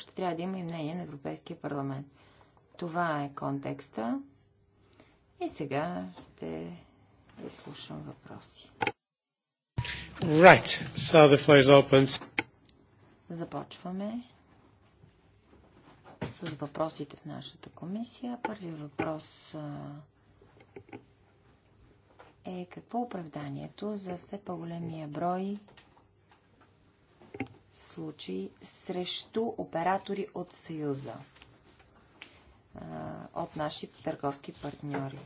ще трябва да има и мнение на Европейския парламент. Това е контекста. И сега ще изслушам въпроси. Right. So the floor is open. Започваме с въпросите в нашата комисия. Първият въпрос е какво е оправданието за все по-големия брой случаи срещу оператори от Съюза, от наши търговски партньори.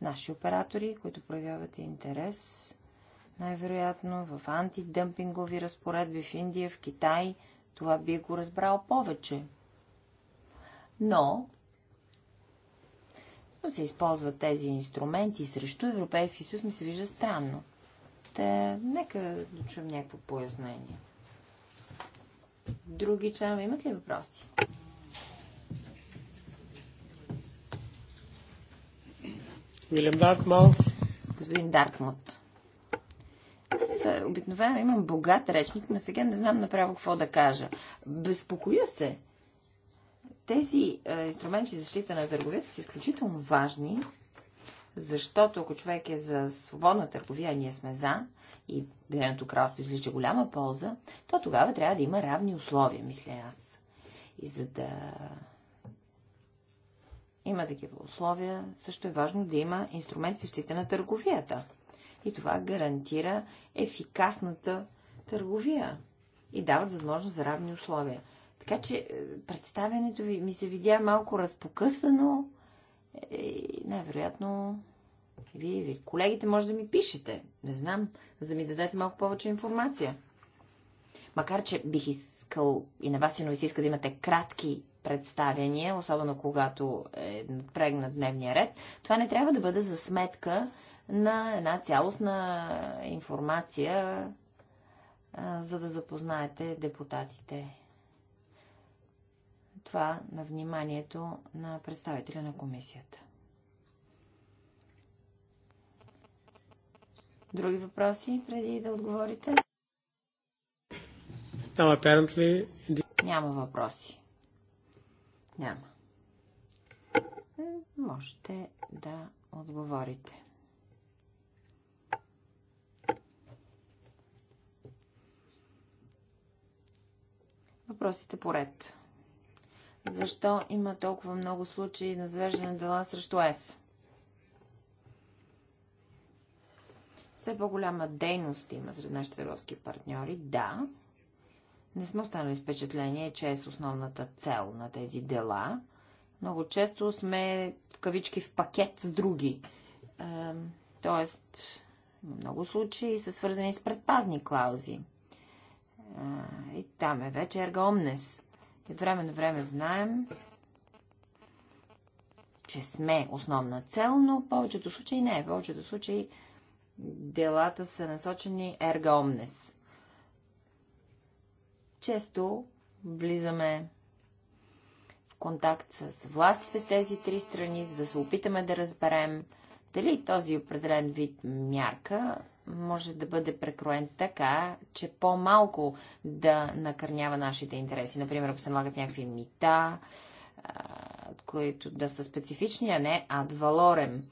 Наши оператори, които проявяват интерес, най-вероятно в антидъмпингови разпоредби в Индия, в Китай, това би го разбрал повече. Но но се използват тези инструменти срещу Европейски съюз, ми се вижда странно. Те, нека да чуем някакво пояснение. Други членове имат ли въпроси? Вилем Дартмут. Господин Дартмут. Аз е, обикновено имам богат речник, но сега не знам направо какво да кажа. Безпокоя се. Тези е, инструменти за защита на търговията са изключително важни защото ако човек е за свободна търговия, ние сме за, и Обединеното кралство излича голяма полза, то тогава трябва да има равни условия, мисля аз. И за да има такива условия, също е важно да има инструмент защита на търговията. И това гарантира ефикасната търговия и дават възможност за равни условия. Така че е, представянето ви ми се видя малко разпокъсано, и е, най-вероятно вие, вие, колегите, може да ми пишете. Не знам, за да ми дадете малко повече информация. Макар, че бих искал и на вас и на вас иска да имате кратки представяния, особено когато е напрегнат дневния ред, това не трябва да бъде за сметка на една цялостна информация, за да запознаете депутатите това на вниманието на представителя на комисията. Други въпроси преди да отговорите? No, apparently... Няма въпроси. Няма. Можете да отговорите. Въпросите поред защо има толкова много случаи на завеждане дела срещу ЕС. Все по-голяма дейност има сред нашите търговски партньори, да. Не сме останали с впечатление, че е с основната цел на тези дела. Много често сме в кавички в пакет с други. тоест, много случаи са свързани с предпазни клаузи. и там е вече ергаомнес и от време на време знаем, че сме основна цел, но в повечето случаи не. В повечето случаи делата са насочени ерга омнес. Често влизаме в контакт с властите в тези три страни, за да се опитаме да разберем дали този определен вид мярка може да бъде прекроен така, че по-малко да накърнява нашите интереси. Например, ако се налагат някакви мита, които да са специфични, а не ад валорем.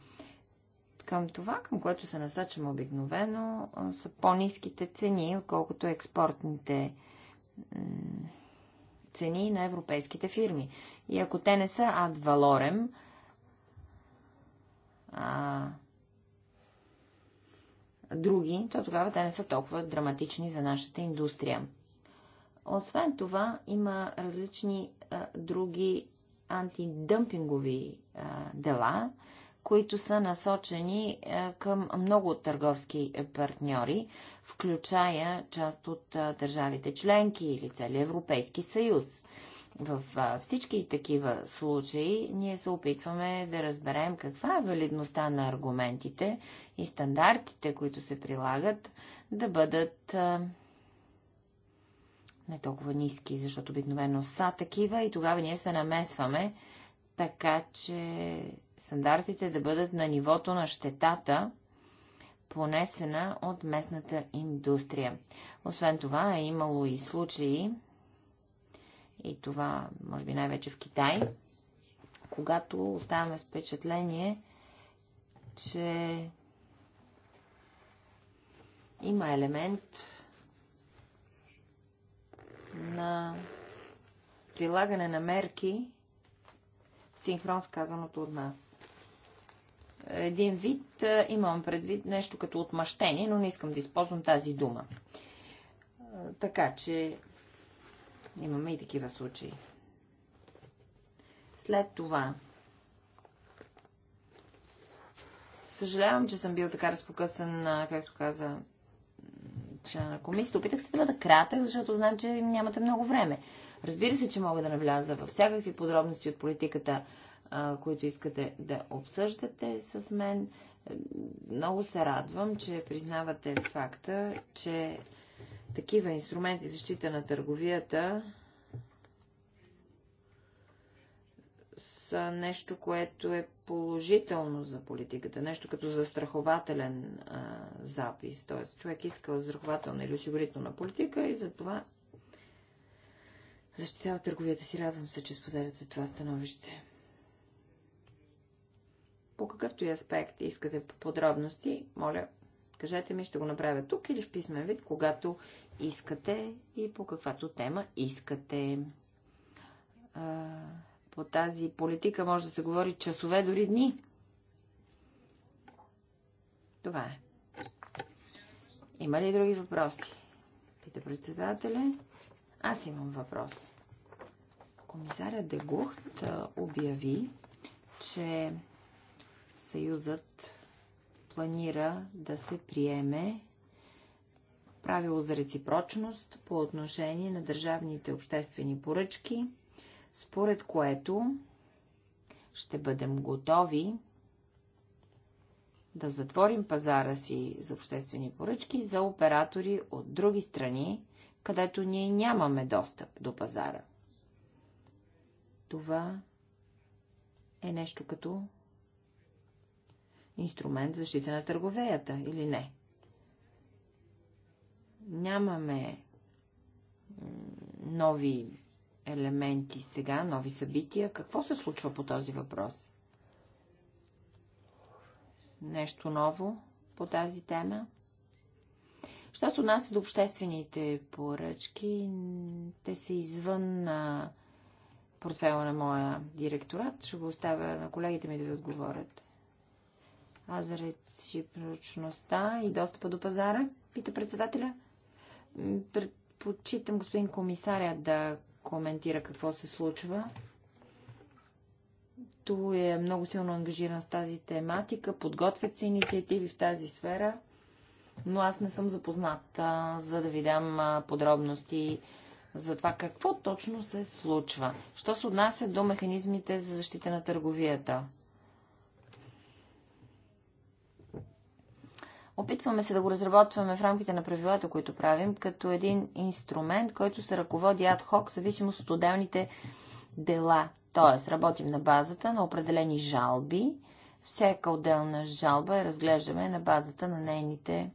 Към това, към което се насочвам обикновено, са по-низките цени, отколкото експортните цени на европейските фирми. И ако те не са ад валорем, а други, то тогава те не са толкова драматични за нашата индустрия. Освен това, има различни а, други антидъмпингови а, дела, които са насочени а, към много търговски партньори, включая част от а, държавите членки или цели Европейски съюз. В всички такива случаи ние се опитваме да разберем каква е валидността на аргументите и стандартите, които се прилагат, да бъдат не толкова ниски, защото обикновено са такива и тогава ние се намесваме, така че стандартите да бъдат на нивото на щетата, понесена от местната индустрия. Освен това е имало и случаи, и това може би най-вече в Китай, когато оставаме с впечатление, че има елемент на прилагане на мерки в синхрон с казаното от нас. Един вид имам предвид нещо като отмъщение, но не искам да използвам тази дума. Така че Имаме и такива случаи. След това. Съжалявам, че съм бил така разпокъсан, както каза член на комисията. Опитах се да бъда кратък, защото знам, че нямате много време. Разбира се, че мога да навляза във всякакви подробности от политиката, които искате да обсъждате с мен. Е, много се радвам, че признавате факта, че такива инструменти за защита на търговията са нещо, което е положително за политиката, нещо като застрахователен а, запис. Т.е. човек иска застрахователна или осигурителна политика и затова защитава търговията си. Радвам се, че споделяте това становище. По какъвто и аспект искате подробности, моля, Кажете ми, ще го направя тук или в писмен вид, когато искате и по каквато тема искате. по тази политика може да се говори часове, дори дни. Това е. Има ли други въпроси? Пита председателя. Аз имам въпрос. Комисаря Дегухт обяви, че Съюзът планира да се приеме правило за реципрочност по отношение на държавните обществени поръчки, според което ще бъдем готови да затворим пазара си за обществени поръчки за оператори от други страни, където ние нямаме достъп до пазара. Това е нещо като инструмент за защита на търговеята или не. Нямаме нови елементи сега, нови събития. Какво се случва по този въпрос? Нещо ново по тази тема? Що се отнася до обществените поръчки, те са извън на портфела на моя директорат. Ще го оставя на колегите ми да ви отговорят. А за реципрочността и достъпа до пазара? Пита председателя. Предпочитам господин комисаря да коментира какво се случва. Той е много силно ангажиран с тази тематика, подготвят се инициативи в тази сфера, но аз не съм запозната, за да ви дам подробности за това какво точно се случва. Що се отнася до механизмите за защита на търговията? Опитваме се да го разработваме в рамките на правилата, които правим, като един инструмент, който се ръководи ад-хок, зависимост от отделните дела. Тоест, работим на базата на определени жалби. Всяка отделна жалба я разглеждаме на базата на нейните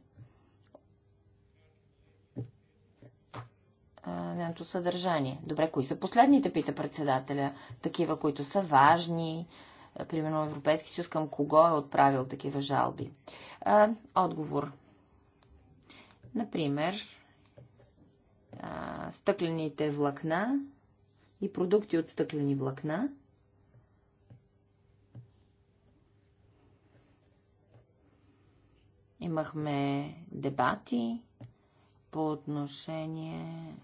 нейното съдържание. Добре, кои са последните, пита председателя? Такива, които са важни, е, примерно Европейски съюз, към кого е отправил такива жалби? А, е, отговор. Например, а, е, стъклените влакна и продукти от стъклени влакна. Имахме дебати по отношение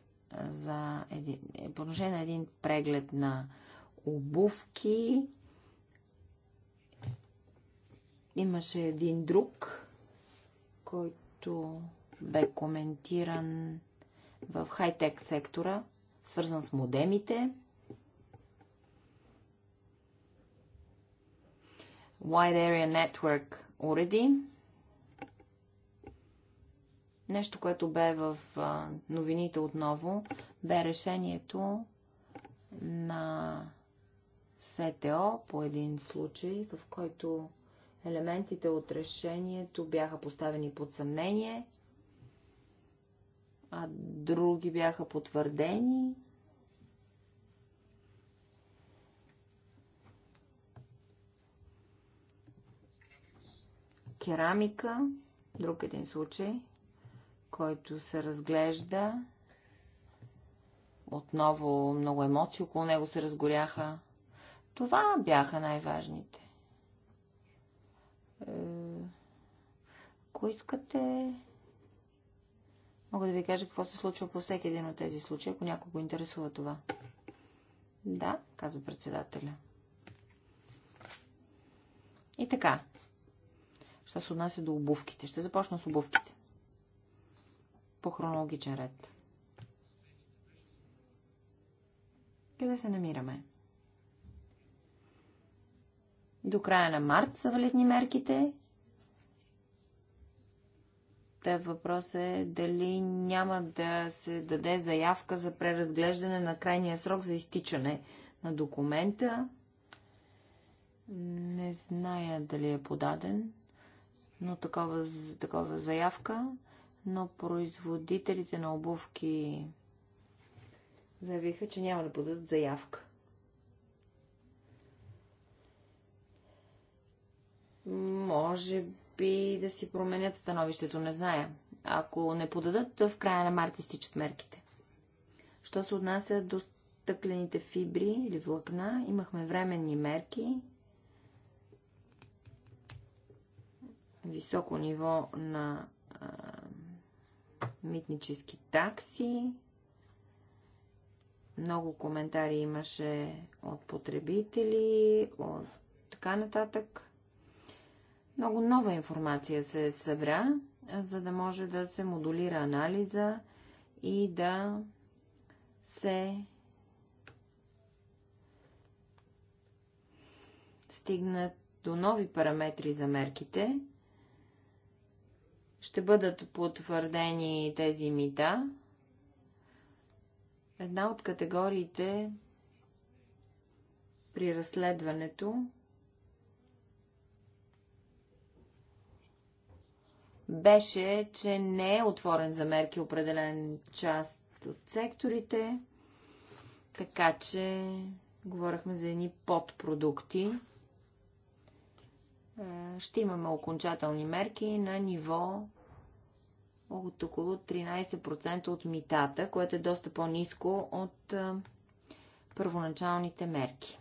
за един, по отношение на един преглед на обувки Имаше един друг, който бе коментиран в хай-тек сектора, свързан с модемите. Wide Area Network уреди. Нещо, което бе в новините отново, бе решението на СТО по един случай, в който елементите от решението бяха поставени под съмнение, а други бяха потвърдени. Керамика, друг един случай, който се разглежда. Отново много емоции около него се разгоряха. Това бяха най-важните. Ако искате, мога да ви кажа какво се случва по всеки един от тези случаи, ако някой го интересува това. Да, каза председателя. И така. Що се отнася до обувките? Ще започна с обувките. По хронологичен ред. Къде се намираме? До края на март са валидни мерките Та въпрос е дали няма да се даде заявка за преразглеждане на крайния срок за изтичане на документа. Не зная дали е подаден, но такова, такова заявка, но производителите на обувки заявиха, че няма да подадат заявка. Може и да си променят становището, не зная. Ако не подадат, в края на марта стичат мерките. Що се отнася до стъклените фибри или влакна, имахме временни мерки, високо ниво на а, митнически такси. Много коментари имаше от потребители, от така нататък. Много нова информация се събра, за да може да се модулира анализа и да се стигнат до нови параметри за мерките. Ще бъдат потвърдени тези мита. Една от категориите при разследването беше, че не е отворен за мерки определен част от секторите, така че говорихме за едни подпродукти. Е, ще имаме окончателни мерки на ниво от около 13% от митата, което е доста по-низко от е, първоначалните мерки.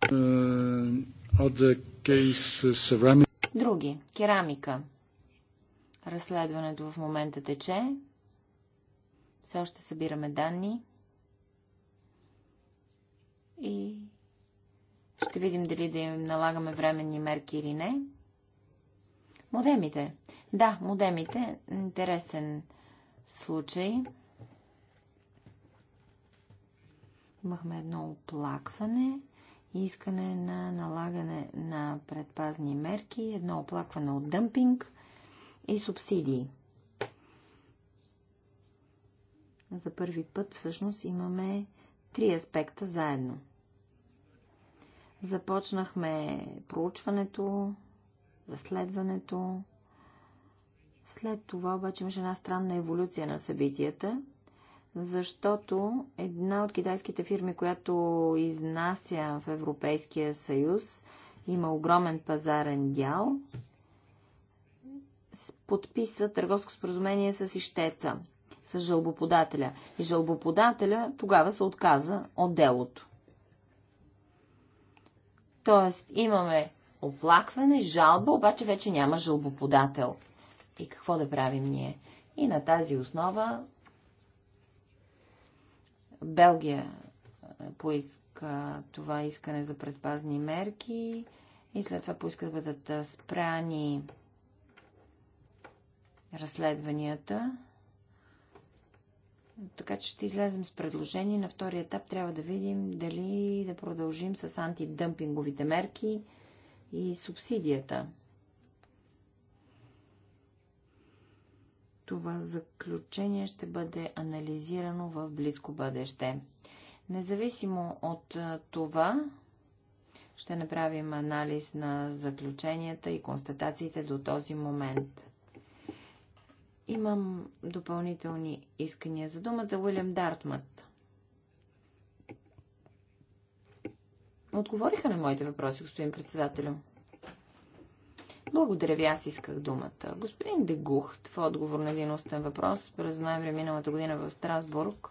Uh, Други. Керамика. Разследването в момента тече. Все още събираме данни. И ще видим дали да им налагаме временни мерки или не. Модемите. Да, модемите. Интересен случай. Имахме едно оплакване искане на налагане на предпазни мерки, едно оплакване от дъмпинг и субсидии. За първи път всъщност имаме три аспекта заедно. Започнахме проучването, разследването. След това обаче имаше една странна еволюция на събитията защото една от китайските фирми, която изнася в Европейския съюз, има огромен пазарен дял, подписа търговско споразумение с ищеца, с жълбоподателя. И жълбоподателя тогава се отказа от делото. Тоест, имаме оплакване, жалба, обаче вече няма жълбоподател. И какво да правим ние? И на тази основа Белгия е, поиска това искане за предпазни мерки и след това поиска да бъдат е, спряни разследванията. Така че ще излезем с предложение. На втори етап трябва да видим дали да продължим с антидъмпинговите мерки и субсидията. Това заключение ще бъде анализирано в близко бъдеще. Независимо от това, ще направим анализ на заключенията и констатациите до този момент. Имам допълнителни искания за думата Уилям Дартмат. Отговориха на моите въпроси, господин председателю. Благодаря ви, аз исках думата. Господин Дегух, в отговор на един устен въпрос, през ноември миналата година в Страсбург,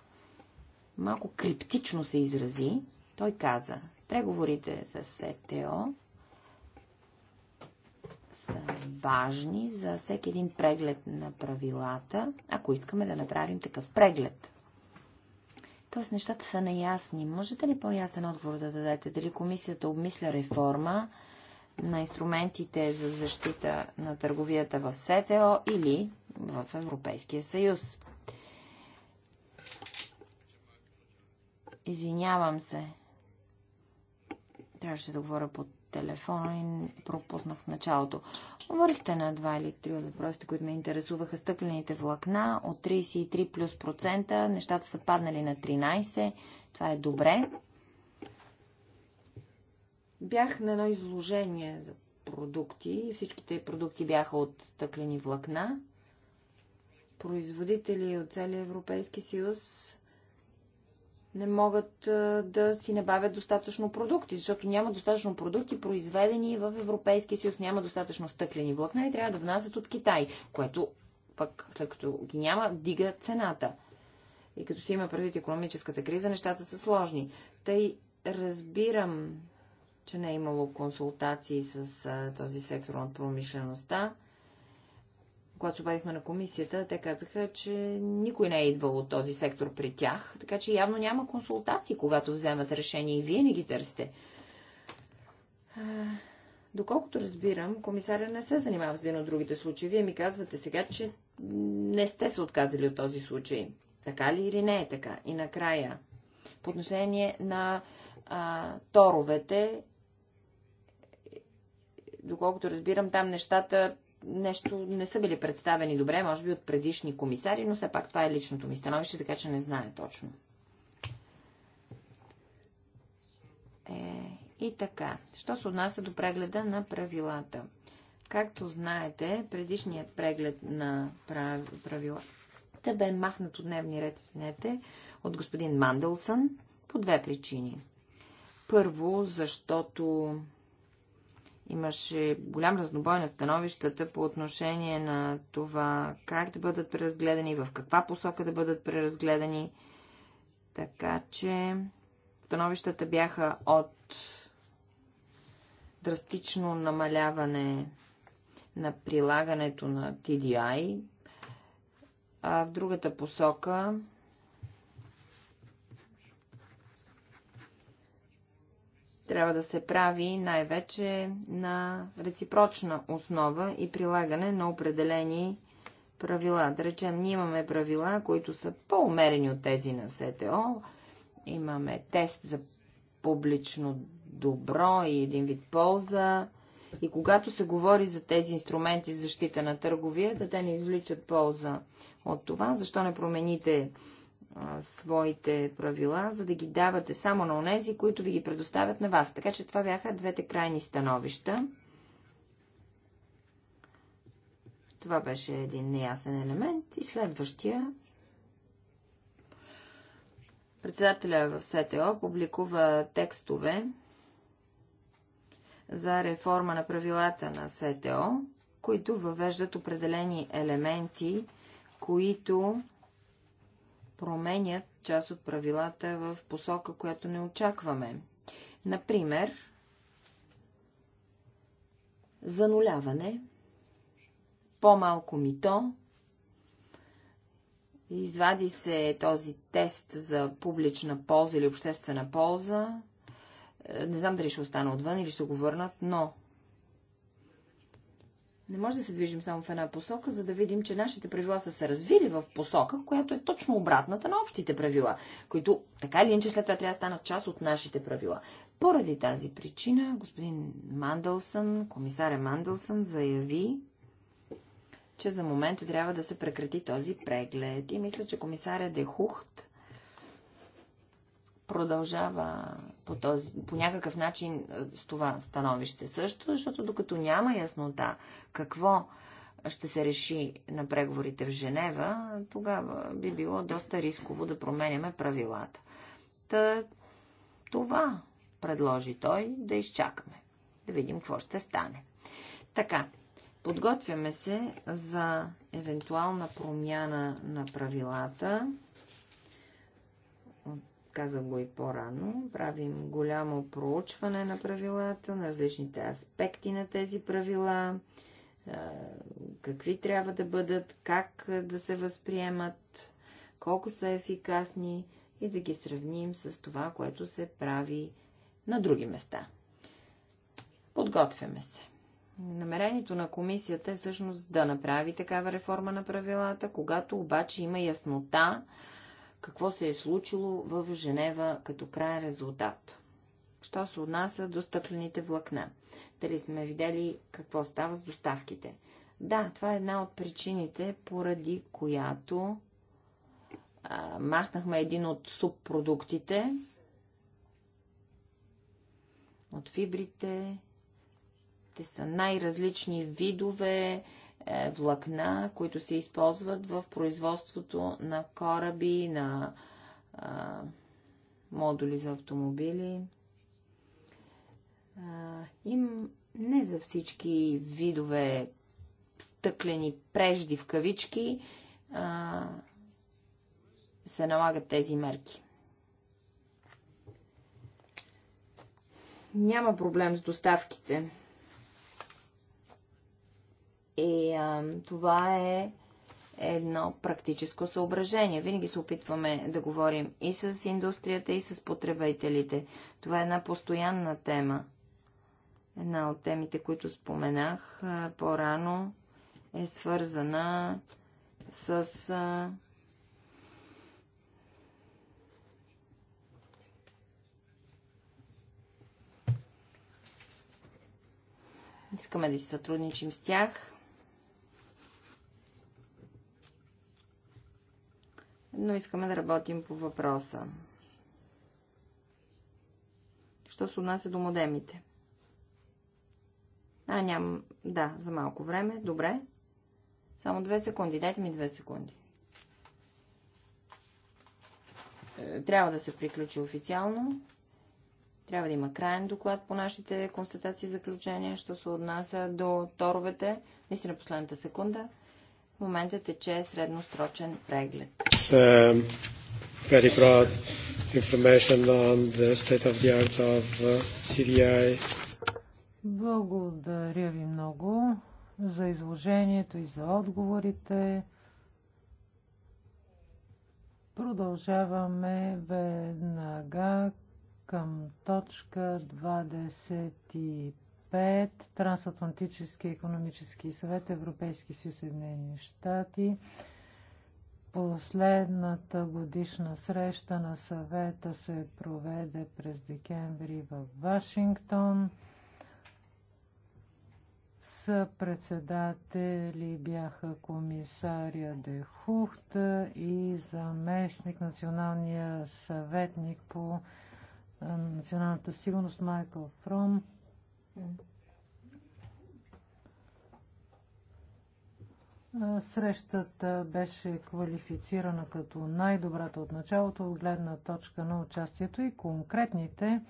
малко криптично се изрази. Той каза, преговорите с СТО са важни за всеки един преглед на правилата, ако искаме да направим такъв преглед. Тоест нещата са неясни. Можете ли по-ясен отговор да дадете? Дали комисията обмисля реформа на инструментите за защита на търговията в СТО или в Европейския съюз. Извинявам се. Трябваше да говоря по телефона и пропуснах в началото. Говорихте на два или три от въпросите, които ме интересуваха. Стъклените влакна от 33 плюс процента. Нещата са паднали на 13. Това е добре. Бях на едно изложение за продукти. Всичките продукти бяха от стъклени влакна. Производители от целия Европейски съюз не могат да си набавят достатъчно продукти, защото няма достатъчно продукти, произведени в Европейския съюз, няма достатъчно стъклени влакна и трябва да внасят от Китай, което пък след като ги няма, дига цената. И като си има предвид економическата криза, нещата са сложни. Тъй разбирам че не е имало консултации с а, този сектор на промишлеността. Когато се обадихме на комисията, те казаха, че никой не е идвал от този сектор при тях, така че явно няма консултации, когато вземат решение и вие не ги търсите. Доколкото разбирам, комисаря не се занимава с един от другите случаи. Вие ми казвате сега, че не сте се отказали от този случай. Така ли или не е така? И накрая, по отношение на а, торовете доколкото разбирам, там нещата нещо не са били представени добре, може би от предишни комисари, но все пак това е личното ми становище, така че не знае точно. Е, и така, що се отнася до прегледа на правилата? Както знаете, предишният преглед на правилата бе махнат от дневни ред, извинете, от господин Мандълсън по две причини. Първо, защото Имаше голям разнобой на становищата по отношение на това как да бъдат преразгледани, в каква посока да бъдат преразгледани. Така че становищата бяха от драстично намаляване на прилагането на TDI, а в другата посока трябва да се прави най-вече на реципрочна основа и прилагане на определени правила. Да речем, ние имаме правила, които са по-умерени от тези на СТО. Имаме тест за публично добро и един вид полза. И когато се говори за тези инструменти за защита на търговията, те не извличат полза от това. Защо не промените своите правила, за да ги давате само на онези, които ви ги предоставят на вас. Така че това бяха двете крайни становища. Това беше един неясен елемент. И следващия. Председателя в СТО публикува текстове за реформа на правилата на СТО, които въвеждат определени елементи, които променят част от правилата в посока, която не очакваме. Например, зануляване, по-малко мито, извади се този тест за публична полза или обществена полза, е, не знам дали ще остана отвън или ще го върнат, но не може да се движим само в една посока, за да видим, че нашите правила са се развили в посока, която е точно обратната на общите правила, които така или иначе след това трябва да станат част от нашите правила. Поради тази причина господин Мандълсън, комисаря Мандълсън, заяви, че за момента трябва да се прекрати този преглед. И мисля, че комисаря Дехухт продължава по, този, по някакъв начин е, с това становище също, защото докато няма яснота какво ще се реши на преговорите в Женева, тогава би било доста рисково да променяме правилата. Та, това предложи той да изчакаме, да видим какво ще стане. Така, подготвяме се за евентуална промяна на правилата казах го и по-рано, правим голямо проучване на правилата, на различните аспекти на тези правила, какви трябва да бъдат, как да се възприемат, колко са ефикасни и да ги сравним с това, което се прави на други места. Подготвяме се. Намерението на комисията е всъщност да направи такава реформа на правилата, когато обаче има яснота какво се е случило в Женева като крайен резултат. Що се отнася до стъклените влакна? Дали сме видели какво става с доставките? Да, това е една от причините, поради която а, махнахме един от субпродуктите от фибрите. Те са най-различни видове, е, влакна, които се използват в производството на кораби, на а, модули за автомобили. А, им не за всички видове стъклени прежди в кавички а, се налагат тези мерки. Няма проблем с доставките и а, това е едно практическо съображение. Винаги се опитваме да говорим и с индустрията, и с потребителите. Това е една постоянна тема. Една от темите, които споменах по-рано, е свързана с а, Искаме да си сътрудничим с тях. но искаме да работим по въпроса. Що се отнася до модемите? А, нямам... Да, за малко време. Добре. Само две секунди. Дайте ми две секунди. Е, трябва да се приключи официално. Трябва да има крайен доклад по нашите констатации и заключения, що се отнася до торовете. Наистина последната секунда. В момента тече средносрочен преглед. Um, very broad information on the state of the art of uh, CDI. Благодаря ви много за изложението и за отговорите. Продължаваме веднага към точка 25 пет Трансатлантически економически съвет, Европейски съюз, Съединени щати, Последната годишна среща на съвета се проведе през декември в Вашингтон. С председатели бяха комисаря Де Хухт и заместник националния съветник по националната сигурност Майкъл Фром. Срещата беше квалифицирана като най-добрата от началото от гледна точка на участието и конкретните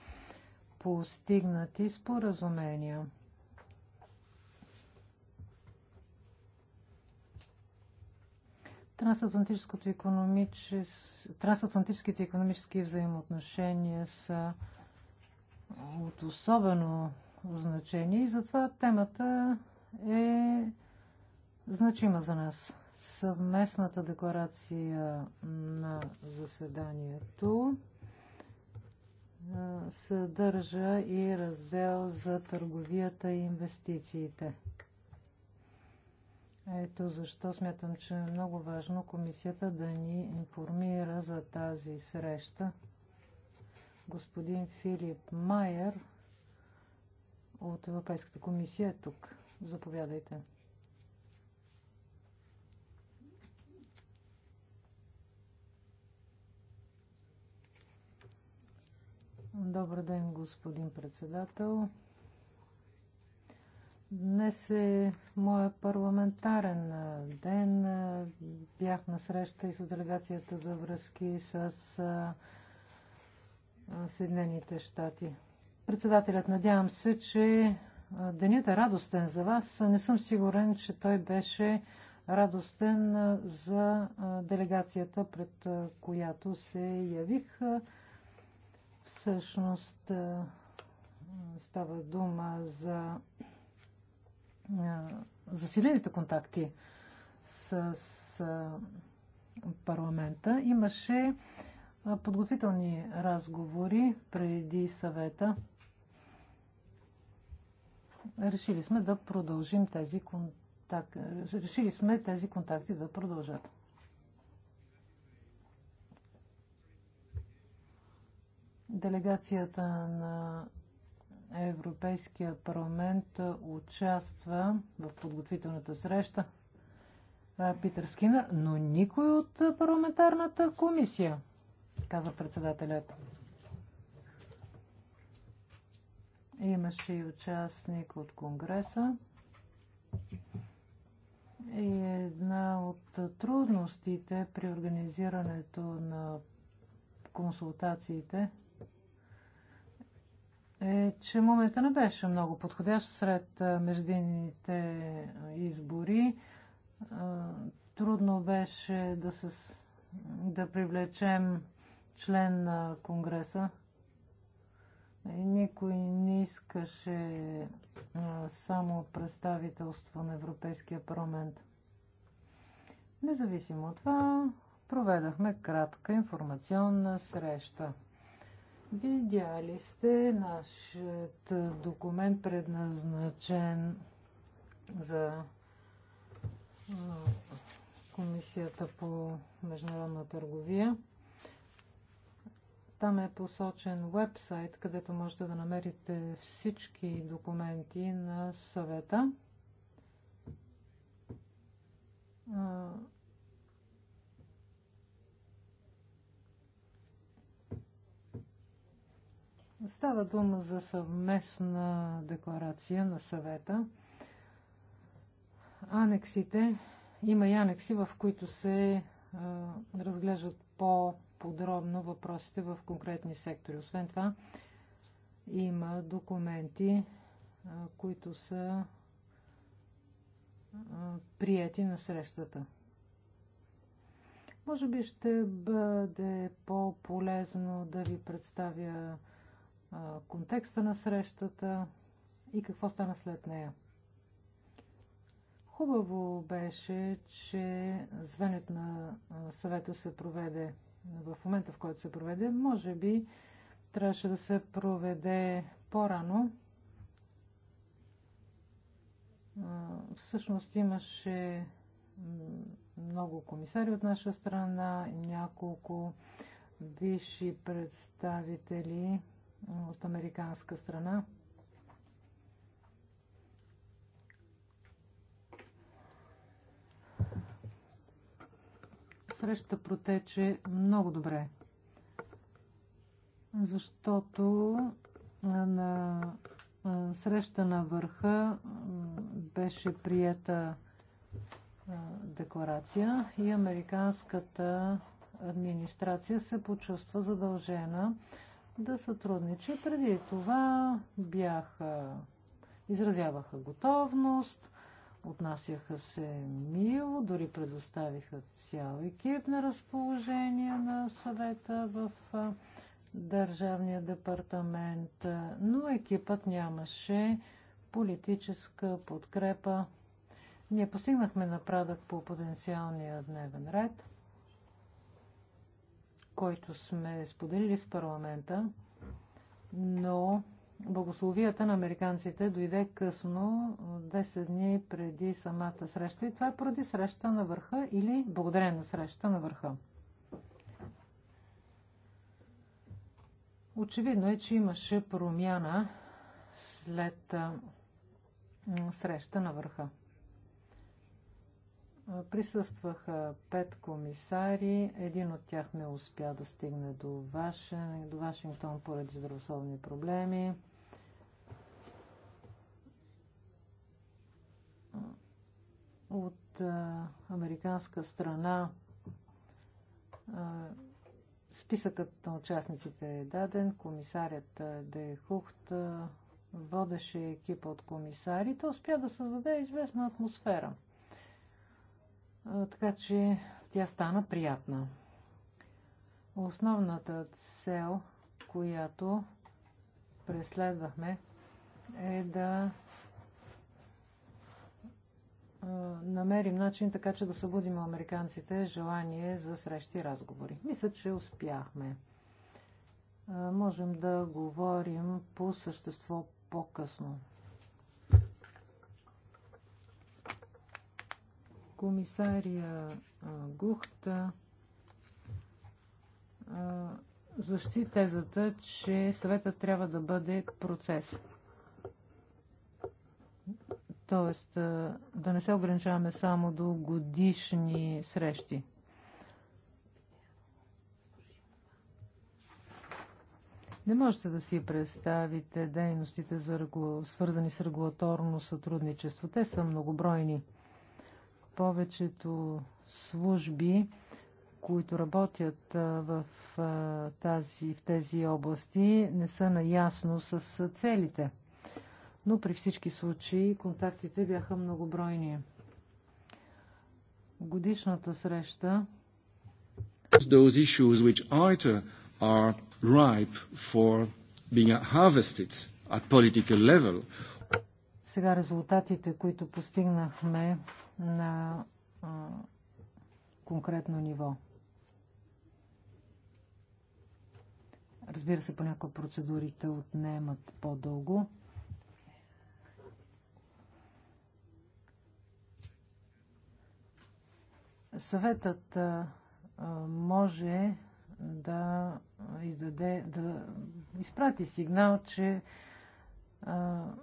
постигнати споразумения. Трансатлантическите економически взаимоотношения са от особено значение и затова темата е значима за нас. Съвместната декларация на заседанието съдържа и раздел за търговията и инвестициите. Ето защо смятам, че е много важно комисията да ни информира за тази среща. Господин Филип Майер от Европейската комисия е тук. Заповядайте. Добър ден, господин председател. Днес е моя парламентарен ден. Бях на среща и с делегацията за връзки с Съединените щати. Председателят, надявам се, че денят е радостен за вас. Не съм сигурен, че той беше радостен за делегацията, пред която се явих. Всъщност става дума за засилените контакти с парламента. Имаше подготвителни разговори преди съвета решили сме да продължим тези контакти. Решили сме тези контакти да продължат. Делегацията на Европейския парламент участва в подготвителната среща Питър Скинър, но никой от парламентарната комисия, каза председателят. Имаше и участник от Конгреса. И една от трудностите при организирането на консултациите е, че момента не беше много подходящ сред междинните избори. Трудно беше да, се, да привлечем член на Конгреса. Е, никой не искаше само представителство на Европейския парламент. Независимо от това, проведахме кратка информационна среща. Видяли сте нашият документ, предназначен за Комисията по международна търговия. Там е посочен вебсайт, където можете да намерите всички документи на съвета. Става дума за съвместна декларация на съвета. Анексите, има и анекси, в които се разглеждат по подробно въпросите в конкретни сектори. Освен това, има документи, които са прияти на срещата. Може би ще бъде по-полезно да ви представя контекста на срещата и какво стана след нея. Хубаво беше, че звенето на съвета се проведе в момента, в който се проведе. Може би трябваше да се проведе по-рано. Всъщност имаше много комисари от наша страна, няколко висши представители от американска страна. среща протече много добре, защото на среща на върха беше приета декларация и американската администрация се почувства задължена да сътрудничи. Преди това бяха, изразяваха готовност Отнасяха се мило, дори предоставиха цял екип на разположение на съвета в Държавния департамент, но екипът нямаше политическа подкрепа. Ние постигнахме напредък по потенциалния дневен ред, който сме споделили с парламента, но Благословията на американците дойде късно, 10 дни преди самата среща и това е поради среща на върха или благодарение на среща на върха. Очевидно е, че имаше промяна след среща на върха. Присъстваха пет комисари. Един от тях не успя да стигне до, Вашингтон, до Вашингтон поради здравословни проблеми. от а, американска страна а, списъкът на участниците е даден. Комисарят Де Хухт водеше екипа от комисарите. Успя да създаде известна атмосфера. А, така че тя стана приятна. Основната цел, която преследвахме, е да намерим начин така, че да събудим американците желание за срещи и разговори. Мисля, че успяхме. Можем да говорим по същество по-късно. Комисария Гухта защити тезата, че съветът трябва да бъде процес. Тоест да не се ограничаваме само до годишни срещи. Не можете да си представите дейностите, за, свързани с регулаторно сътрудничество. Те са многобройни. Повечето служби, които работят в, тази, в тези области, не са наясно с целите но при всички случаи контактите бяха многобройни. Годишната среща those issues which either are ripe for being harvested at political level. Сега резултатите, които постигнахме на а, конкретно ниво. Разбира се, понякога процедурите отнемат по-дълго. Съветът може да издаде, да изпрати сигнал, че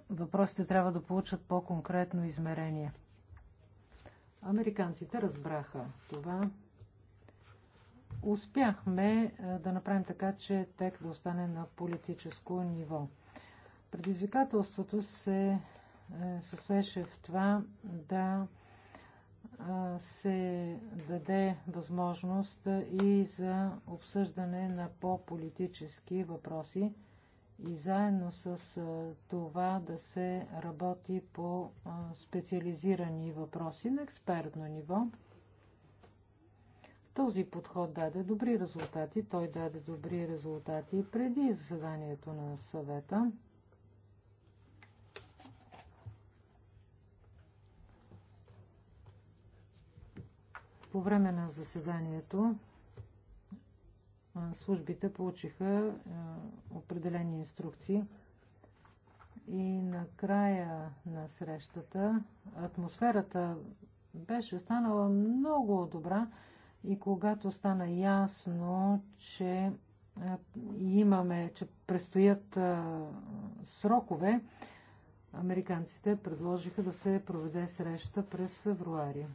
въпросите трябва да получат по-конкретно измерение. Американците разбраха това. Успяхме да направим така, че тек да остане на политическо ниво. Предизвикателството се е, състоеше в това да се даде възможност и за обсъждане на по-политически въпроси и заедно с това да се работи по специализирани въпроси на експертно ниво. Този подход даде добри резултати. Той даде добри резултати преди заседанието на съвета. По време на заседанието службите получиха определени инструкции и на края на срещата атмосферата беше станала много добра и когато стана ясно, че имаме, че предстоят срокове, американците предложиха да се проведе среща през февруари.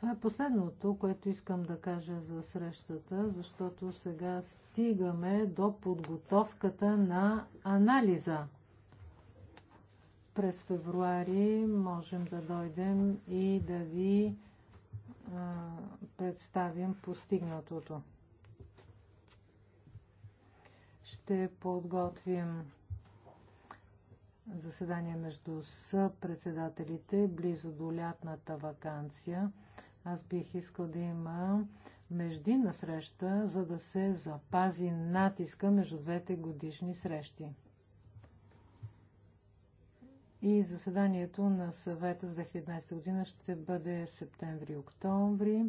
Това е последното, което искам да кажа за срещата, защото сега стигаме до подготовката на анализа. През февруари можем да дойдем и да ви а, представим постигнатото. Ще подготвим заседание между с председателите близо до лятната вакансия аз бих искал да има междинна среща, за да се запази натиска между двете годишни срещи. И заседанието на съвета за 2011 година ще бъде септември-октомври.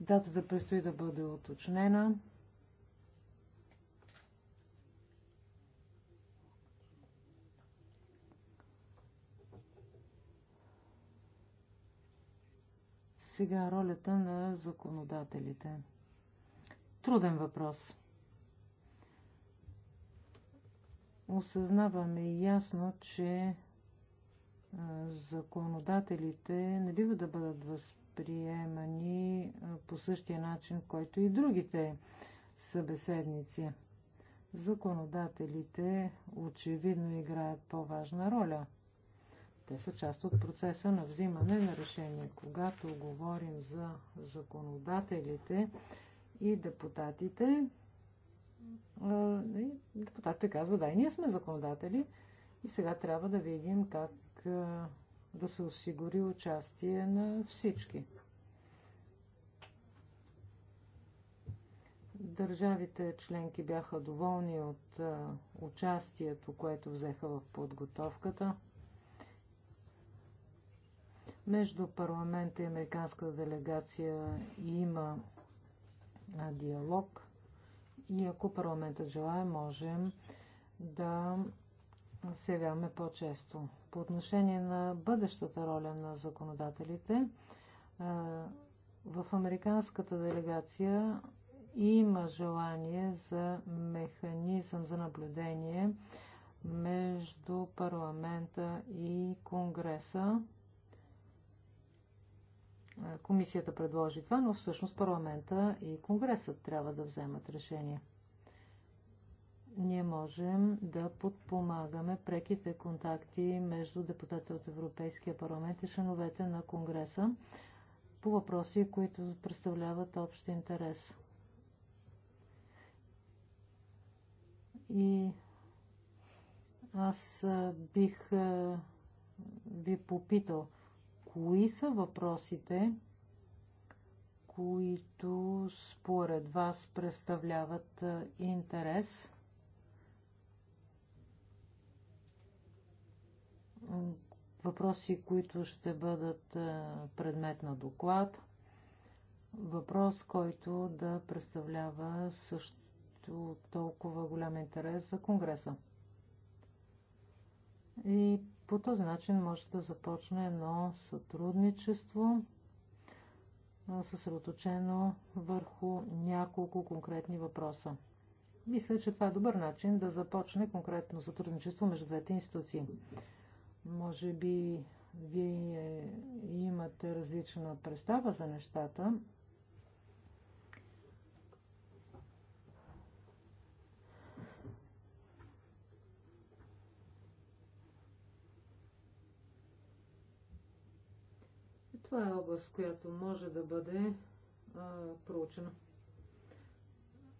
Датата предстои да бъде уточнена. Сега ролята на законодателите. Труден въпрос. Осъзнаваме ясно, че законодателите не бива да бъдат възприемани по същия начин, който и другите събеседници. Законодателите очевидно играят по-важна роля – те са част от процеса на взимане на решение. Когато говорим за законодателите и депутатите, депутатите казват, да, и ние сме законодатели и сега трябва да видим как да се осигури участие на всички. Държавите членки бяха доволни от участието, което взеха в подготовката. Между парламента и американската делегация има диалог и ако парламентът желая, можем да се явяваме по-често. По отношение на бъдещата роля на законодателите, в американската делегация има желание за механизъм за наблюдение между парламента и Конгреса комисията предложи това, но всъщност парламента и Конгресът трябва да вземат решение. Ние можем да подпомагаме преките контакти между депутатите от Европейския парламент и членовете на Конгреса по въпроси, които представляват общ интерес. И аз бих ви попитал – кои са въпросите, които според вас представляват интерес? Въпроси, които ще бъдат предмет на доклад. Въпрос, който да представлява също толкова голям интерес за Конгреса. И по този начин може да започне едно сътрудничество, съсредоточено върху няколко конкретни въпроса. Мисля, че това е добър начин да започне конкретно сътрудничество между двете институции. Може би вие имате различна представа за нещата, Това е област, която може да бъде а, проучена.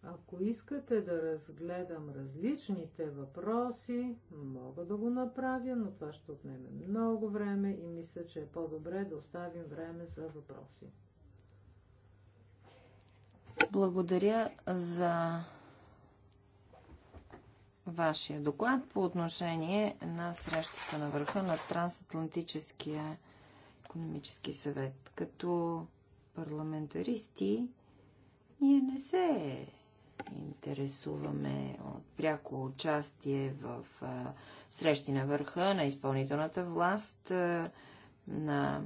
Ако искате да разгледам различните въпроси, мога да го направя, но това ще отнеме много време и мисля, че е по-добре да оставим време за въпроси. Благодаря за вашия доклад по отношение на срещата на върха на трансатлантическия економически съвет. Като парламентаристи ние не се интересуваме от пряко участие в а, срещи на върха на изпълнителната власт а, на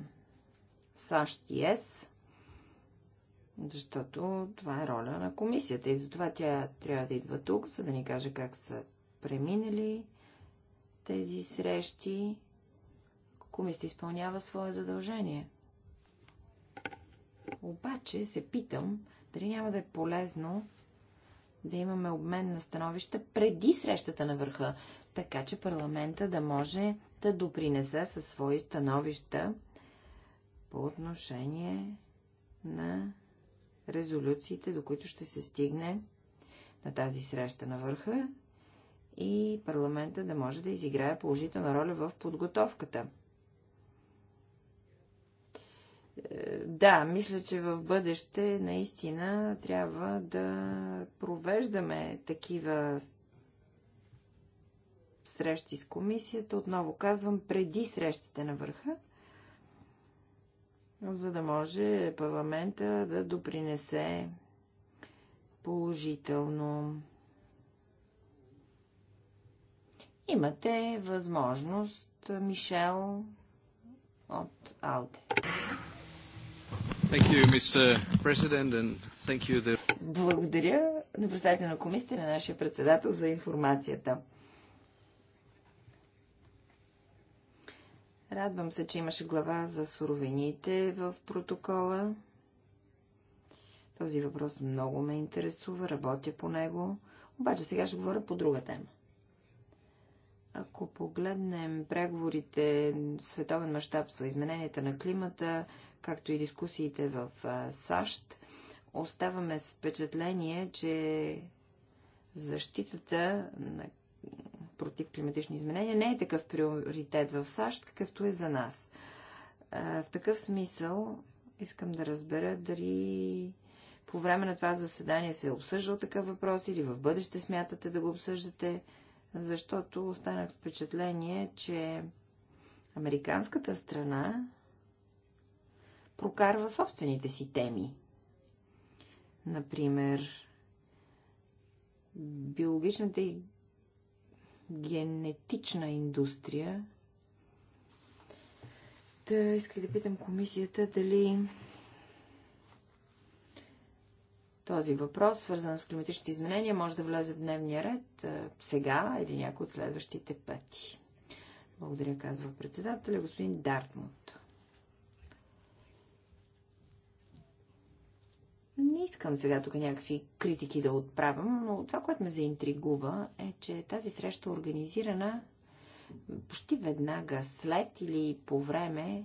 САЩ и ЕС, защото това е роля на комисията и затова тя трябва да идва тук, за да ни каже как са преминали тези срещи Комисията изпълнява свое задължение. Обаче се питам, дали няма да е полезно да имаме обмен на становища преди срещата на върха, така че парламента да може да допринесе със свои становища по отношение на резолюциите, до които ще се стигне на тази среща на върха и парламента да може да изиграе положителна роля в подготовката да, мисля, че в бъдеще наистина трябва да провеждаме такива срещи с комисията. Отново казвам, преди срещите на върха, за да може парламента да допринесе положително. Имате възможност, Мишел от Алте. Благодаря на председателя на комисията и на нашия председател за информацията. Радвам се, че имаше глава за суровините в протокола. Този въпрос много ме интересува, работя по него, обаче сега ще говоря по друга тема. Ако погледнем преговорите световен мащаб за измененията на климата, както и дискусиите в САЩ, оставаме с впечатление, че защитата на против климатични изменения не е такъв приоритет в САЩ, какъвто е за нас. В такъв смисъл искам да разбера дали по време на това заседание се е обсъждал такъв въпрос или в бъдеще смятате да го обсъждате, защото останах впечатление, че американската страна прокарва собствените си теми. Например, биологичната и генетична индустрия. Та исках да питам комисията дали този въпрос, свързан с климатичните изменения, може да влезе в дневния ред сега или някой от следващите пъти. Благодаря, казва председателя господин Дартмут. Не искам сега тук някакви критики да отправям, но това, което ме заинтригува е, че тази среща е организирана почти веднага след или по време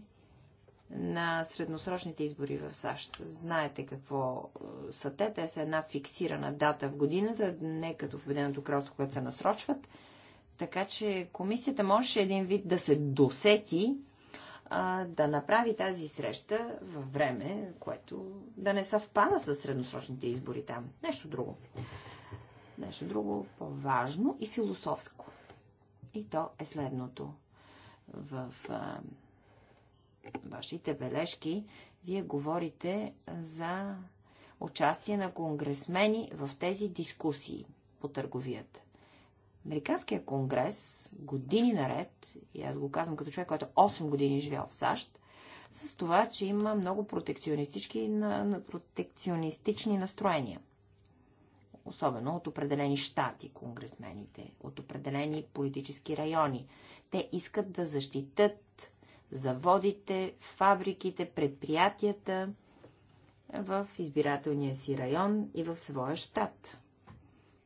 на средносрочните избори в САЩ. Знаете какво е, са те. Те са една фиксирана дата в годината, не като в Обединеното кралство, което се насрочват. Така че комисията може един вид да се досети а, да направи тази среща във време, което да не съвпада с средносрочните избори там. Нещо друго. Нещо друго по-важно и философско. И то е следното. В а, вашите бележки вие говорите за участие на конгресмени в тези дискусии по търговията. Американския конгрес години наред, и аз го казвам като човек, който 8 години е живял в САЩ, с това, че има много протекционистични, на, на протекционистични настроения. Особено от определени щати, конгресмените, от определени политически райони. Те искат да защитат заводите, фабриките, предприятията в избирателния си район и в своя щат.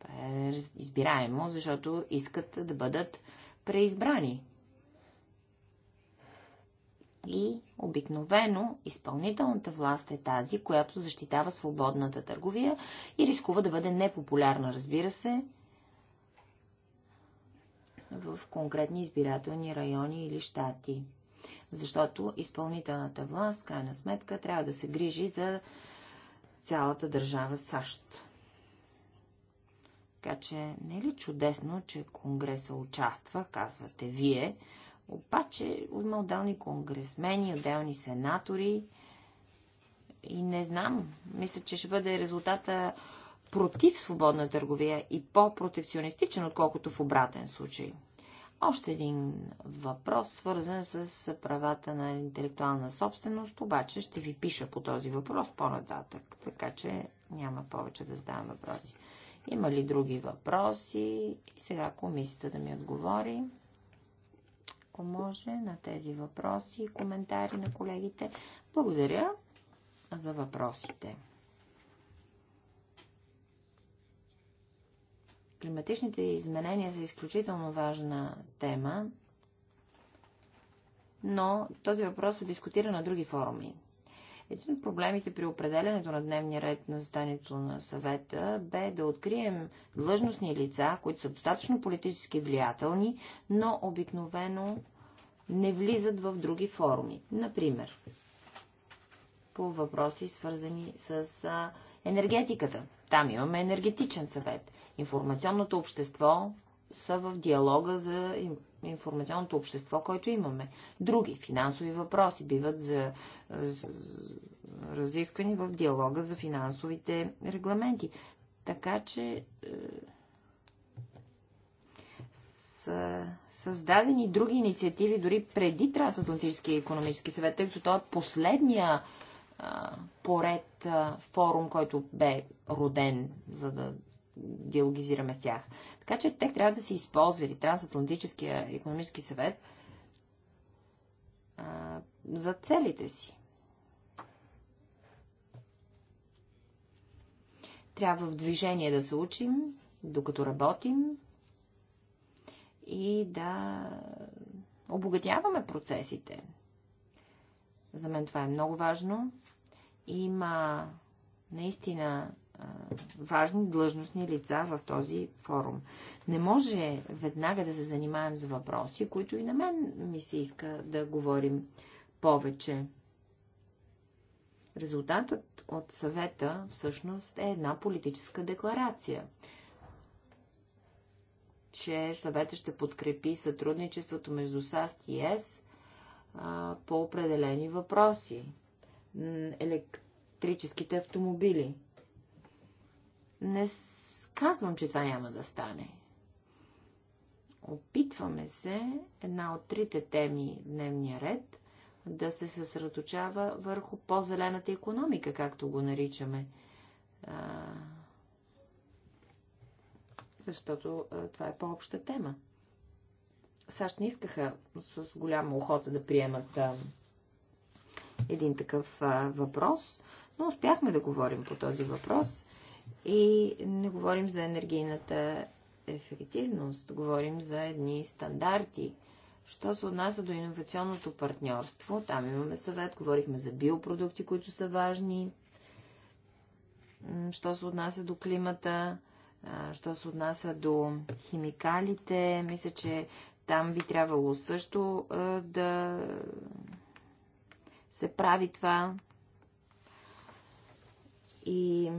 Е избираемо, защото искат да бъдат преизбрани. И обикновено изпълнителната власт е тази, която защитава свободната търговия и рискува да бъде непопулярна, разбира се, в конкретни избирателни райони или щати. Защото изпълнителната власт, в крайна сметка, трябва да се грижи за цялата държава САЩ. Така че не е ли чудесно, че Конгреса участва, казвате вие, обаче има отделни конгресмени, отделни сенатори и не знам. Мисля, че ще бъде резултата против свободна търговия и по-протекционистичен, отколкото в обратен случай. Още един въпрос, свързан с правата на интелектуална собственост, обаче ще ви пиша по този въпрос по-нататък, така че няма повече да задавам въпроси. Има ли други въпроси? И сега комисията да ми отговори, ако може, на тези въпроси и коментари на колегите. Благодаря за въпросите. Климатичните изменения са изключително важна тема, но този въпрос се дискутира на други форуми. Един от проблемите при определенето на дневния ред на заседанието на съвета бе да открием длъжностни лица, които са достатъчно политически влиятелни, но обикновено не влизат в други форуми. Например, по въпроси свързани с енергетиката. Там имаме енергетичен съвет. Информационното общество са в диалога за информационното общество, което имаме. Други финансови въпроси биват за, за, за разисквани в диалога за финансовите регламенти. Така че е, са създадени други инициативи дори преди Трансатлантическия економически съвет, тъй като той е последния поред форум, който бе роден, за да диалогизираме с тях. Така че те трябва да се използва или Трансатлантическия економически съвет а, за целите си. Трябва в движение да се учим, докато работим и да обогатяваме процесите. За мен това е много важно. Има наистина важни длъжностни лица в този форум. Не може веднага да се занимаем с въпроси, които и на мен ми се иска да говорим повече. Резултатът от съвета всъщност е една политическа декларация, че съвета ще подкрепи сътрудничеството между САСТ и ЕС по определени въпроси. Електрическите автомобили – не казвам, че това няма да стане. Опитваме се една от трите теми дневния ред да се съсредоточава върху по-зелената економика, както го наричаме. А... Защото а, това е по-обща тема. САЩ не искаха с голяма охота да приемат а, един такъв а, въпрос, но успяхме да говорим по този въпрос и не говорим за енергийната ефективност, говорим за едни стандарти. Що се отнася до иновационното партньорство, там имаме съвет, говорихме за биопродукти, които са важни. Що се отнася до климата, що се отнася до химикалите, мисля, че там би трябвало също да се прави това. И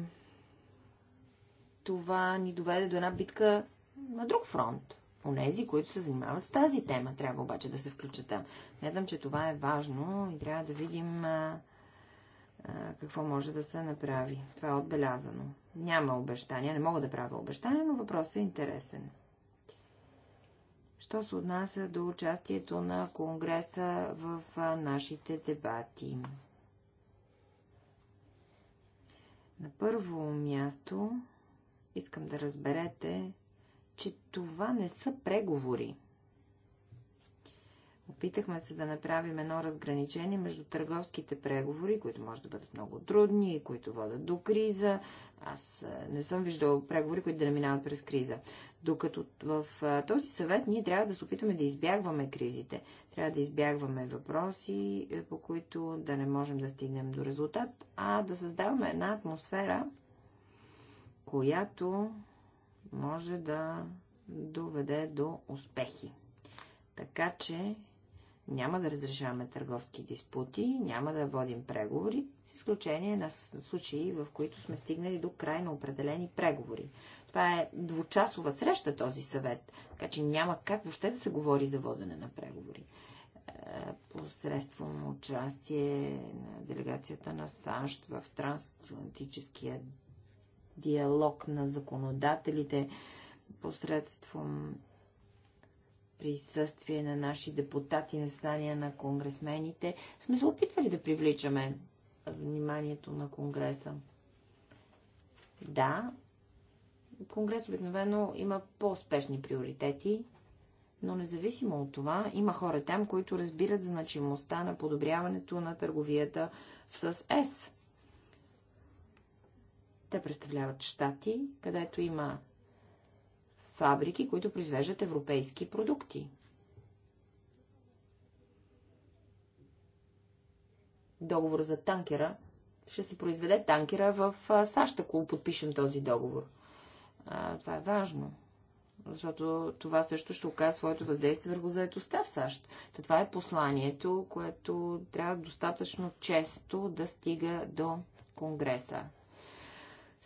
това ни доведе до една битка на друг фронт. Онези, които се занимават с тази тема, трябва обаче да се включат там. Смятам, че това е важно и трябва да видим а, а, какво може да се направи. Това е отбелязано. Няма обещания, не мога да правя обещания, но въпросът е интересен. Що се отнася до участието на Конгреса в а, нашите дебати? На първо място Искам да разберете, че това не са преговори. Опитахме се да направим едно разграничение между търговските преговори, които може да бъдат много трудни и които водят до криза. Аз не съм виждал преговори, които да не минават през криза. Докато в този съвет ние трябва да се опитваме да избягваме кризите. Трябва да избягваме въпроси, е, по които да не можем да стигнем до резултат, а да създаваме една атмосфера, която може да доведе до успехи. Така че няма да разрешаваме търговски диспути, няма да водим преговори, с изключение на случаи, в които сме стигнали до крайно определени преговори. Това е двучасова среща този съвет, така че няма как въобще да се говори за водене на преговори. Е, посредством участие на делегацията на САЩ в трансатлантическия диалог на законодателите посредством присъствие на наши депутати, на знания на конгресмените, сме се опитвали да привличаме вниманието на Конгреса. Да, Конгрес обикновено има по-успешни приоритети, но независимо от това, има хора там, които разбират значимостта на подобряването на търговията с ЕС. Те представляват щати, където има фабрики, които произвеждат европейски продукти. Договор за танкера. Ще се произведе танкера в САЩ, ако подпишем този договор. А, това е важно защото това също ще оказва своето въздействие върху заедостта в САЩ. То това е посланието, което трябва достатъчно често да стига до Конгреса.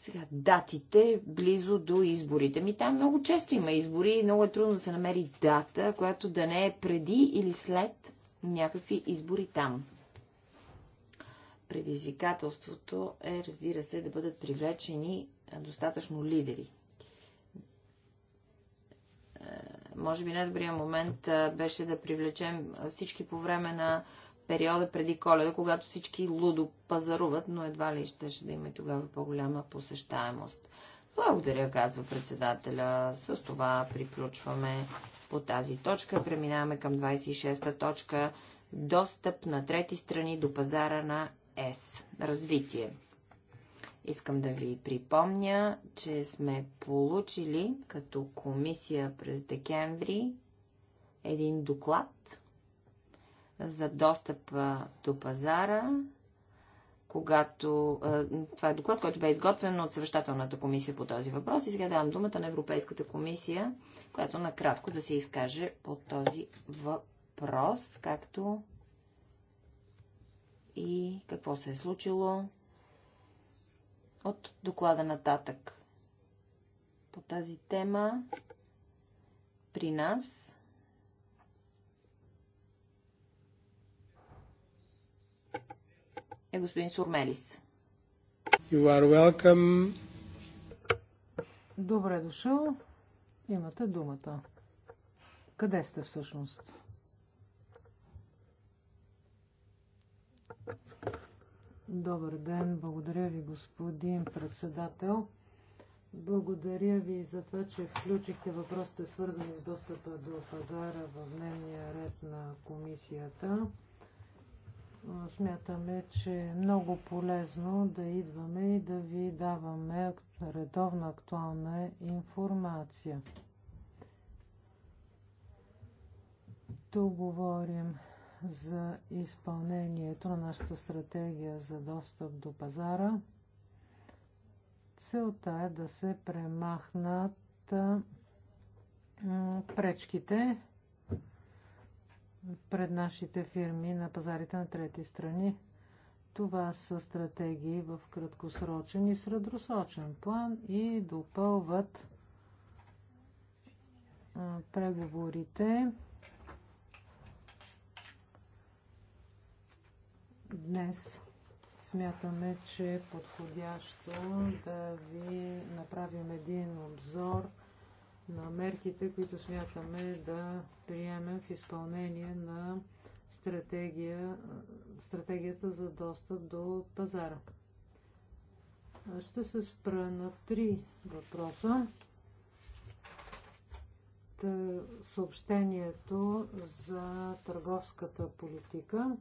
Сега, датите близо до изборите. Ми там много често има избори и много е трудно да се намери дата, която да не е преди или след някакви избори там. Предизвикателството е, разбира се, да бъдат привлечени достатъчно лидери. Е, може би най-добрият момент беше да привлечем всички по време на периода преди коледа, когато всички лудо пазаруват, но едва ли ще, ще да има и тогава по-голяма посещаемост. Благодаря, казва председателя. С това приключваме по тази точка. Преминаваме към 26-та точка. Достъп на трети страни до пазара на ЕС. Развитие. Искам да ви припомня, че сме получили като комисия през декември един доклад за достъп до пазара, когато... Това е доклад, който бе изготвен от съвещателната комисия по този въпрос. И сега давам думата на Европейската комисия, която накратко да се изкаже по този въпрос, както и какво се е случило от доклада нататък. По тази тема при нас е господин Сурмелис. You are welcome. Добре дошъл. Имате думата. Къде сте всъщност? Добър ден, благодаря ви, господин председател. Благодаря ви за това, че включихте въпросите, свързани с достъпа до пазара в дневния ред на комисията смятаме, че е много полезно да идваме и да ви даваме редовна актуална информация. Тук говорим за изпълнението на нашата стратегия за достъп до пазара. Целта е да се премахнат пречките пред нашите фирми на пазарите на трети страни. Това са стратегии в краткосрочен и средносрочен план и допълват преговорите. Днес смятаме, че е подходящо да ви направим един обзор на мерките, които смятаме да приемем в изпълнение на стратегия, стратегията за достъп до пазара. Ще се спра на три въпроса. Та, съобщението за търговската политика.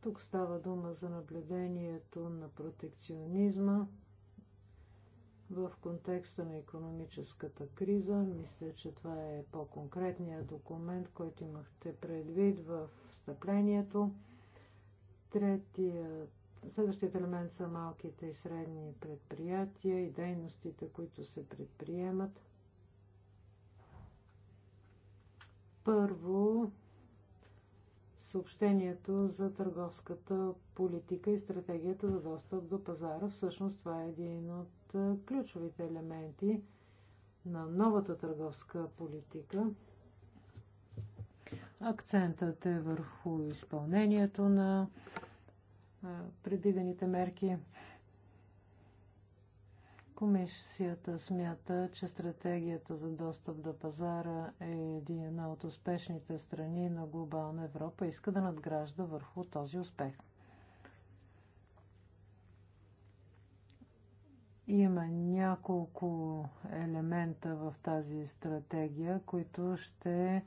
Тук става дума за наблюдението на протекционизма в контекста на економическата криза. Мисля, че това е по-конкретният документ, който имахте предвид в встъплението. Третият Следващият елемент са малките и средни предприятия и дейностите, които се предприемат. Първо, съобщението за търговската политика и стратегията за достъп до пазара. Всъщност това е един от ключовите елементи на новата търговска политика. Акцентът е върху изпълнението на предвидените мерки. Комисията смята, че стратегията за достъп до пазара е една от успешните страни на глобална Европа и иска да надгражда върху този успех. Има няколко елемента в тази стратегия, които ще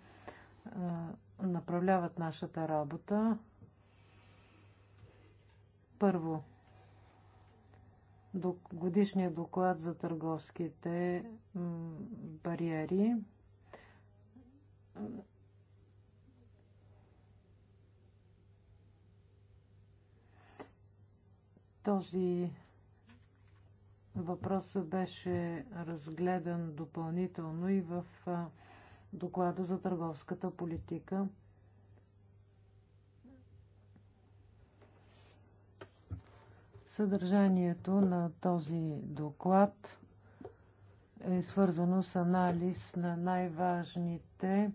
направляват нашата работа. Първо, годишния доклад за търговските бариери. Този Въпросът беше разгледан допълнително и в доклада за търговската политика. Съдържанието на този доклад е свързано с анализ на най-важните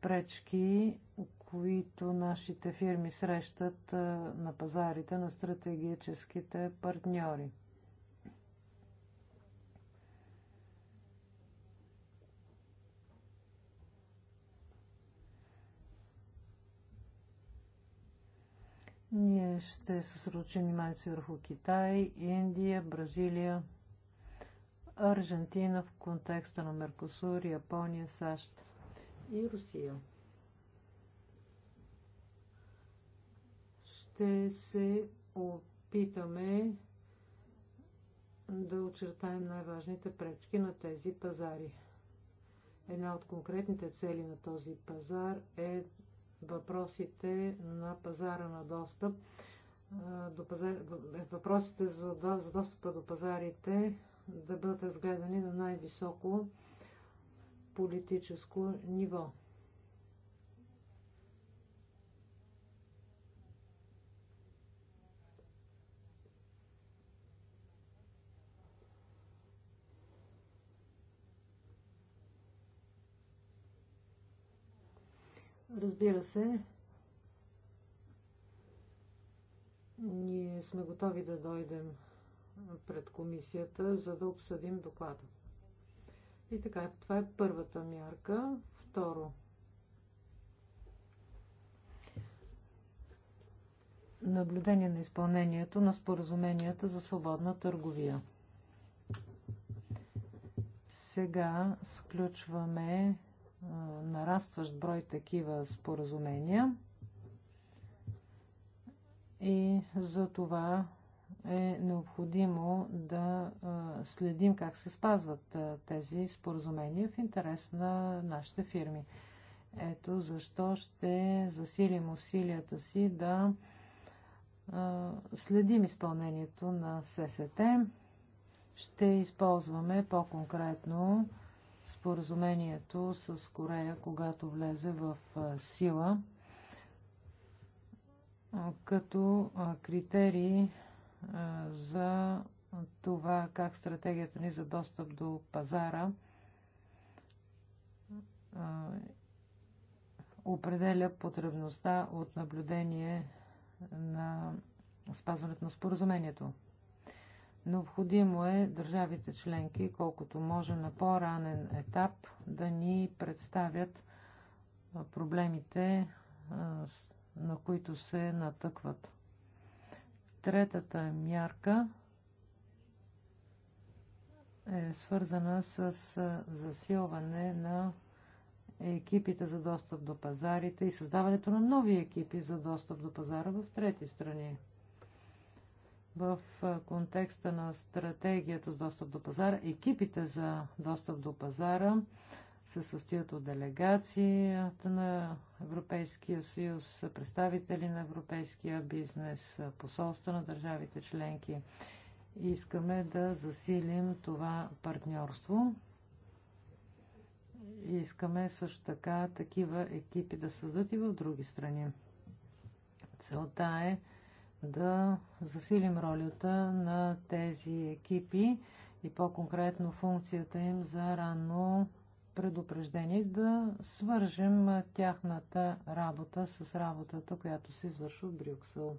пречки, които нашите фирми срещат на пазарите на стратегическите партньори. Ние ще съсредоточим вниманието си върху Китай, Индия, Бразилия, Аржентина в контекста на Меркосур, Япония, САЩ и Русия. Ще се опитаме да очертаем най-важните пречки на тези пазари. Една от конкретните цели на този пазар е въпросите на пазара на достъп, до пазар, въпросите за, за достъпа до пазарите да бъдат разгледани на най-високо политическо ниво. Разбира се, ние сме готови да дойдем пред комисията, за да обсъдим доклада. И така, това е първата мярка. Второ, наблюдение на изпълнението на споразуменията за свободна търговия. Сега сключваме нарастващ брой такива споразумения. И за това е необходимо да следим как се спазват тези споразумения в интерес на нашите фирми. Ето защо ще засилим усилията си да следим изпълнението на ССТ. Ще използваме по-конкретно Споразумението с Корея, когато влезе в сила, като критерии за това как стратегията ни за достъп до пазара определя потребността от наблюдение на спазването на споразумението. Необходимо е държавите членки, колкото може на по-ранен етап, да ни представят проблемите, на които се натъкват. Третата мярка е свързана с засилване на екипите за достъп до пазарите и създаването на нови екипи за достъп до пазара в трети страни в контекста на стратегията с достъп до пазара. Екипите за достъп до пазара се състоят от делегацията на Европейския съюз, представители на европейския бизнес, посолства на държавите членки. Искаме да засилим това партньорство. Искаме също така такива екипи да създадат и в други страни. Целта е да засилим ролята на тези екипи и по-конкретно функцията им за ранно предупреждение, да свържем тяхната работа с работата, която се извършва в Брюксел.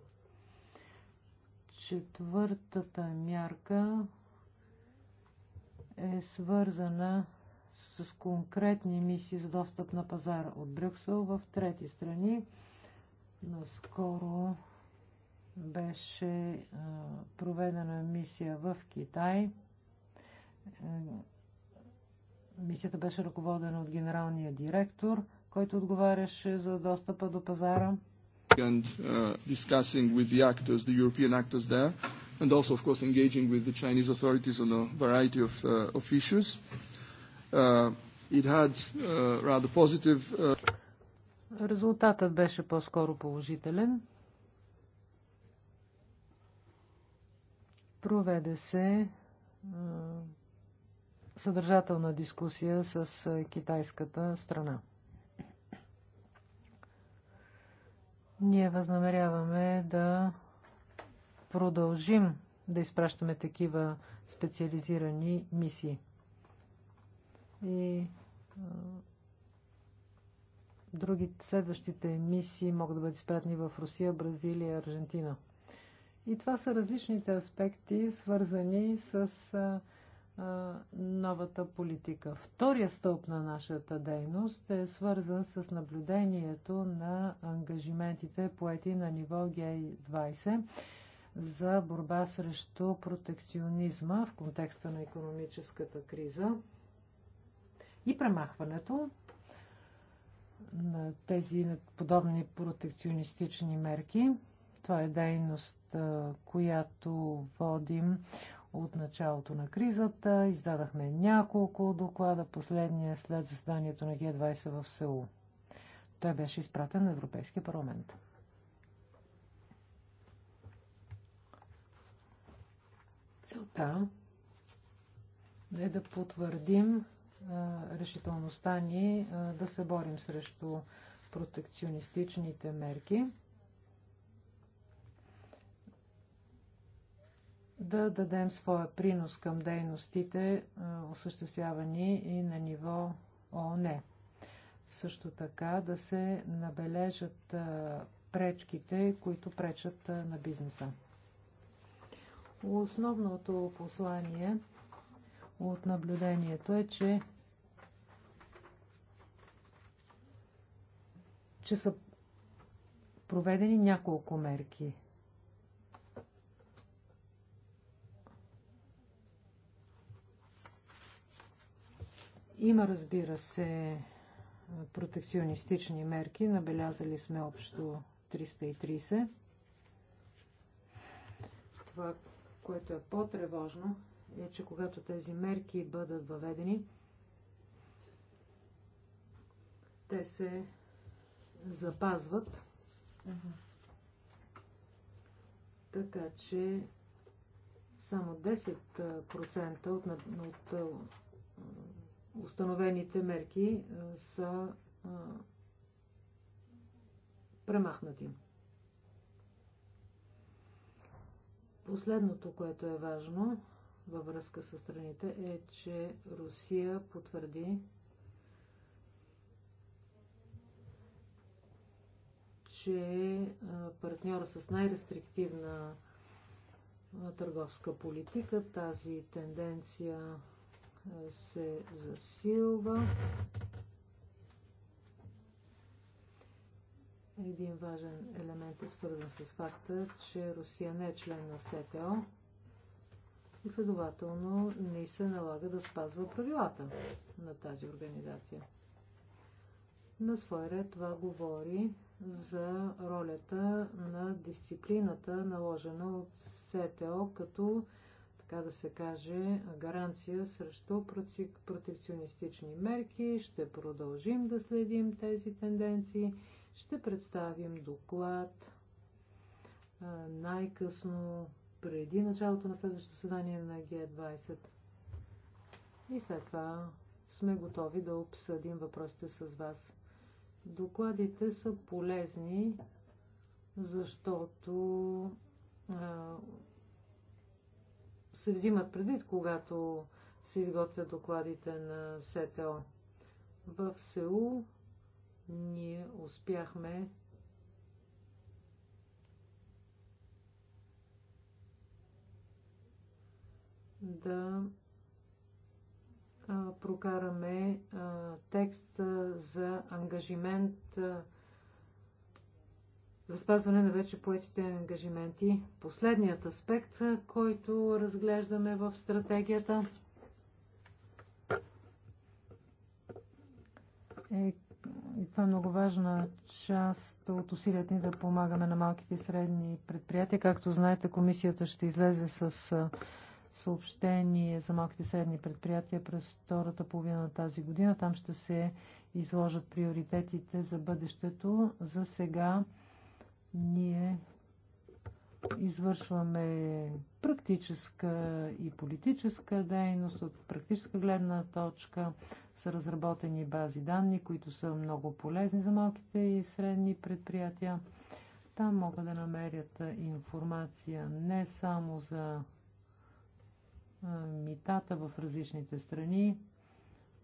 Четвъртата мярка е свързана с конкретни мисии за достъп на пазара от Брюксел в трети страни. Наскоро беше проведена мисия в Китай. Мисията беше ръководена от генералния директор, който отговаряше за достъпа до пазара. And uh, discussing with the actors, the European actors there, and also, of course, engaging with the Chinese authorities on a variety of, uh, of issues. Uh, it had uh, rather positive. Uh... Резултатът беше по-скоро положителен. Проведе се съдържателна дискусия с китайската страна. Ние възнамеряваме да продължим да изпращаме такива специализирани мисии. И другите други следващите мисии могат да бъдат изпратени в Русия, Бразилия, Аржентина. И това са различните аспекти, свързани с а, а, новата политика. Втория стълб на нашата дейност е свързан с наблюдението на ангажиментите поети на ниво Г20 за борба срещу протекционизма в контекста на економическата криза и премахването на тези подобни протекционистични мерки. Това е дейност, която водим от началото на кризата. Издадахме няколко доклада, последния след заседанието на Г20 в Сеул. Той беше изпратен на Европейския парламент. Целта е да потвърдим решителността ни да се борим срещу протекционистичните мерки. да дадем своя принос към дейностите, е, осъществявани и на ниво ООН. Също така да се набележат е, пречките, които пречат е, на бизнеса. Основното послание от наблюдението е, че, че са проведени няколко мерки – Има, разбира се, протекционистични мерки. Набелязали сме общо 330. Това, което е по-тревожно, е, че когато тези мерки бъдат въведени, те се запазват. Така че само 10% от, от установените мерки е, са е, премахнати. Последното, което е важно във връзка с страните, е, че Русия потвърди, че е партньора с най-рестриктивна е, търговска политика. Тази тенденция се засилва. Един важен елемент е свързан с факта, че Русия не е член на СТО и следователно не се налага да спазва правилата на тази организация. На свой ред това говори за ролята на дисциплината, наложена от СТО като така да се каже, гаранция срещу протекционистични мерки. Ще продължим да следим тези тенденции. Ще представим доклад най-късно преди началото на следващото съдание на Г20. И след това сме готови да обсъдим въпросите с вас. Докладите са полезни, защото се взимат предвид, когато се изготвят докладите на СТО. В Сеул ние успяхме да прокараме текст за ангажимент за спазване на вече поетите ангажименти. Последният аспект, който разглеждаме в стратегията е и това е много важна част от усилията ни да помагаме на малките и средни предприятия. Както знаете, комисията ще излезе с съобщение за малките и средни предприятия през втората половина на тази година. Там ще се изложат приоритетите за бъдещето. За сега ние извършваме практическа и политическа дейност от практическа гледна точка. Са разработени бази данни, които са много полезни за малките и средни предприятия. Там могат да намерят информация не само за митата в различните страни,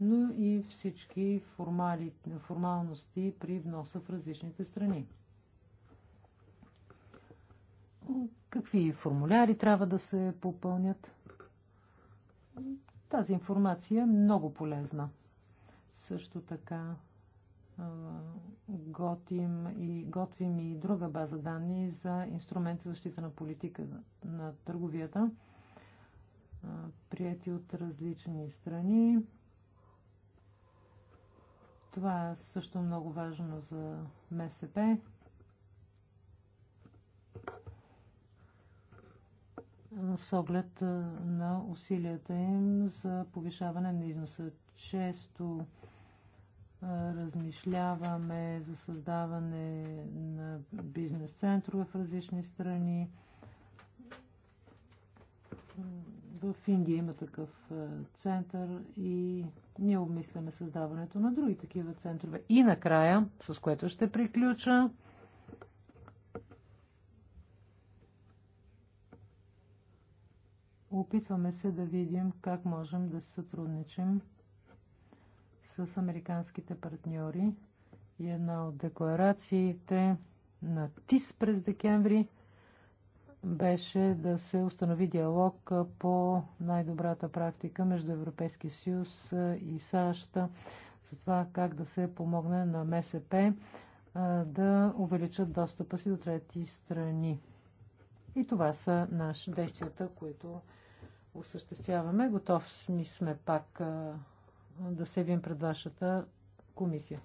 но и всички формали, формалности при вноса в различните страни какви формуляри трябва да се попълнят. Тази информация е много полезна. Също така готим и, готвим и друга база данни за инструменти за защита на политика на търговията, прияти от различни страни. Това е също много важно за МСП. с оглед на усилията им за повишаване на износа. Често размишляваме за създаване на бизнес центрове в различни страни. В Индия има такъв център и ние обмисляме създаването на други такива центрове. И накрая, с което ще приключа, Опитваме се да видим как можем да се сътрудничим с американските партньори и една от декларациите на ТИС през декември беше да се установи диалог по най-добрата практика между Европейския съюз и САЩ за това как да се помогне на МСП да увеличат достъпа си до трети страни. И това са наши действията, които осъществяваме. Готов сме, сме пак да се явим пред вашата комисия.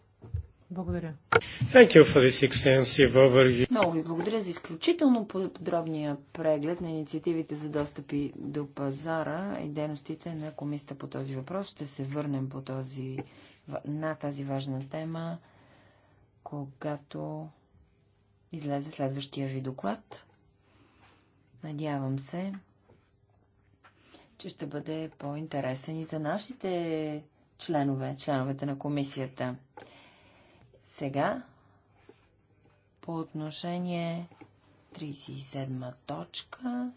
Благодаря. Thank you for this extensive overview. Много ви благодаря за изключително подробния преглед на инициативите за достъпи до пазара и дейностите на комисията по този въпрос. Ще се върнем по този, на тази важна тема, когато излезе следващия ви доклад. Надявам се, че ще бъде по-интересен и за нашите членове, членовете на комисията. Сега, по отношение 37 точка,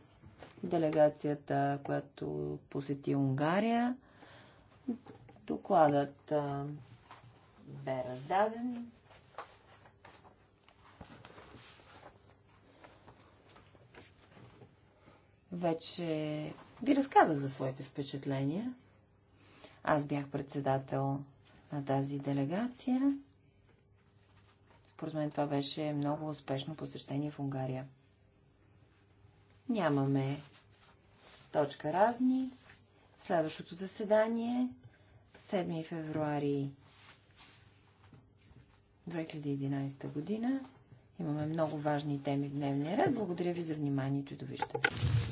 делегацията, която посети Унгария, докладът бе раздаден. Вече ви разказах за своите впечатления. Аз бях председател на тази делегация. Според мен това беше много успешно посещение в Унгария. Нямаме точка разни. Следващото заседание 7 февруари 2011 година. Имаме много важни теми в дневния ред. Благодаря ви за вниманието и довиждане.